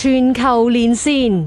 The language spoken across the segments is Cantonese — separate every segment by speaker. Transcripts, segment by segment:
Speaker 1: 全球連線。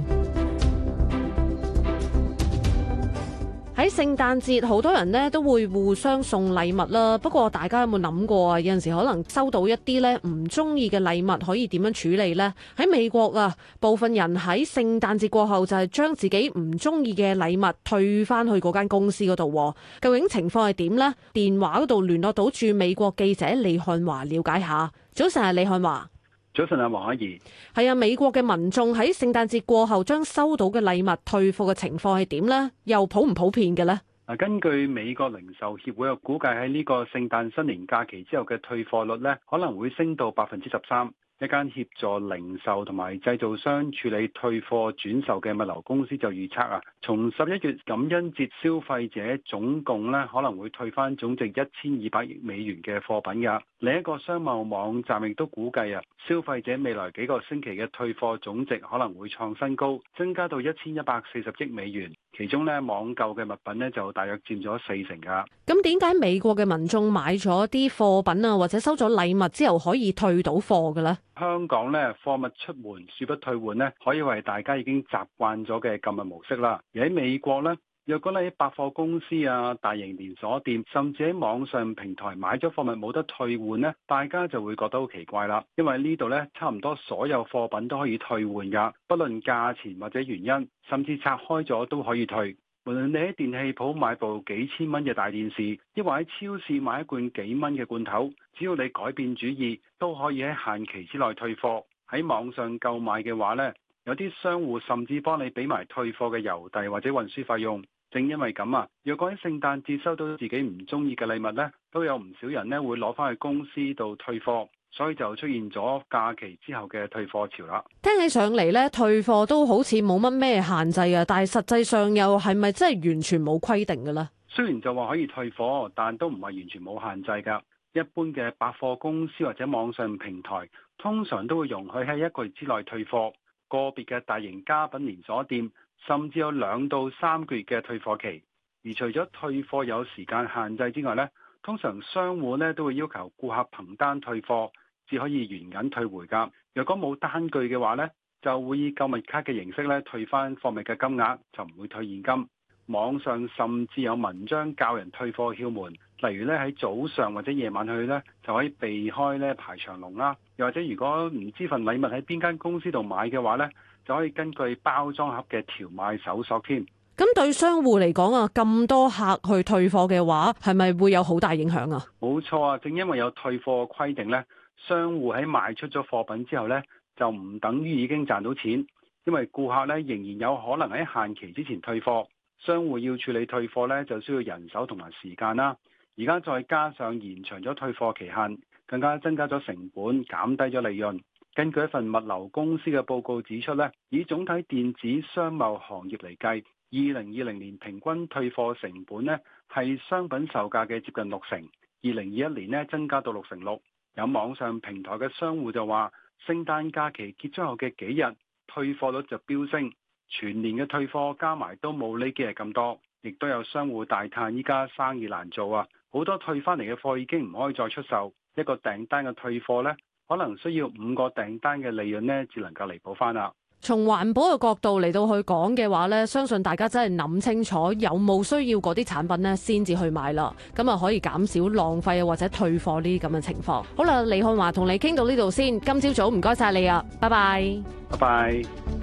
Speaker 1: 喺聖誕節，好多人呢都會互相送禮物啦。不過大家有冇諗過啊？有陣時可能收到一啲咧，唔中意嘅禮物，可以點樣處理呢？喺美國啊，部分人喺聖誕節過後就係將自己唔中意嘅禮物退翻去嗰間公司嗰度。究竟情況係點呢？電話嗰度聯絡到駐美國記者李漢華，了解下。早晨，係李漢華。
Speaker 2: 早晨呀，黃凱宜，
Speaker 1: 係啊。美國嘅民眾喺聖誕節過後將收到嘅禮物退貨嘅情況係點咧？又普唔普遍嘅咧？
Speaker 2: 啊，根據美國零售協會嘅估計，喺呢個聖誕新年假期之後嘅退貨率咧，可能會升到百分之十三。一間協助零售同埋製造商處理退貨轉售嘅物流公司就預測啊，從十一月感恩節消費者總共呢可能會退返總值一千二百億美元嘅貨品㗎。另一個商貿網站亦都估計啊，消費者未來幾個星期嘅退貨總值可能會創新高，增加到一千一百四十億美元。其中咧網購嘅物品咧就大約佔咗四成噶。
Speaker 1: 咁點解美國嘅民眾買咗啲貨品啊，或者收咗禮物之後可以退到貨嘅咧？
Speaker 2: 香港咧，貨物出門，恕不退換咧，可以，以為大家已經習慣咗嘅購物模式啦。而喺美國咧。如果你喺百貨公司啊、大型連鎖店，甚至喺網上平台買咗貨物冇得退換呢，大家就會覺得好奇怪啦。因為呢度呢，差唔多所有貨品都可以退換噶，不論價錢或者原因，甚至拆開咗都可以退。無論你喺電器鋪買部幾千蚊嘅大電視，亦或喺超市買一罐幾蚊嘅罐頭，只要你改變主意，都可以喺限期之內退貨。喺網上購買嘅話呢，有啲商戶甚至幫你俾埋退貨嘅郵遞或者運輸費用。正因為咁啊，若果喺聖誕節收到自己唔中意嘅禮物呢，都有唔少人呢會攞翻去公司度退貨，所以就出現咗假期之後嘅退貨潮啦。
Speaker 1: 聽起上嚟呢，退貨都好似冇乜咩限制啊，但係實際上又係咪真係完全冇規定嘅呢？
Speaker 2: 雖然就話可以退貨，但都唔係完全冇限制噶。一般嘅百貨公司或者網上平台，通常都會容許喺一個月之內退貨。個別嘅大型家品連鎖店。甚至有兩到三個月嘅退貨期，而除咗退貨有時間限制之外呢，通常商戶呢，都會要求顧客憑單退貨，只可以原銀退回㗎。若果冇單據嘅話呢，就會以購物卡嘅形式咧退返貨物嘅金額，就唔會退現金。網上甚至有文章教人退貨竅門。例如咧喺早上或者夜晚去咧，就可以避開咧排長龍啦。又或者如果唔知份禮物喺邊間公司度買嘅話咧，就可以根據包裝盒嘅條碼搜索添。
Speaker 1: 咁對商戶嚟講啊，咁多客去退貨嘅話，係咪會有好大影響啊？
Speaker 2: 冇錯啊，正因為有退貨嘅規定咧，商戶喺賣出咗貨品之後咧，就唔等於已經賺到錢，因為顧客咧仍然有可能喺限期之前退貨，商戶要處理退貨咧，就需要人手同埋時間啦。而家再加上延長咗退貨期限，更加增加咗成本，減低咗利潤。根據一份物流公司嘅報告指出咧，以總體電子商貿行業嚟計，二零二零年平均退貨成本咧係商品售價嘅接近六成，二零二一年咧增加到六成六。有網上平台嘅商戶就話，聖誕假期結束後嘅幾日，退貨率就飆升，全年嘅退貨加埋都冇呢幾日咁多。亦都有商戶大嘆，依家生意難做啊！好多退翻嚟嘅貨已經唔可以再出售，一個訂單嘅退貨呢，可能需要五個訂單嘅利潤呢，只能夠彌補翻啦。
Speaker 1: 從環保嘅角度嚟到去講嘅話呢，相信大家真係諗清楚有冇需要嗰啲產品呢先至去買啦，咁啊可以減少浪費啊或者退貨呢啲咁嘅情況。好啦，李漢華同你傾到呢度先，今朝早唔該晒你啊，拜拜，
Speaker 2: 拜拜。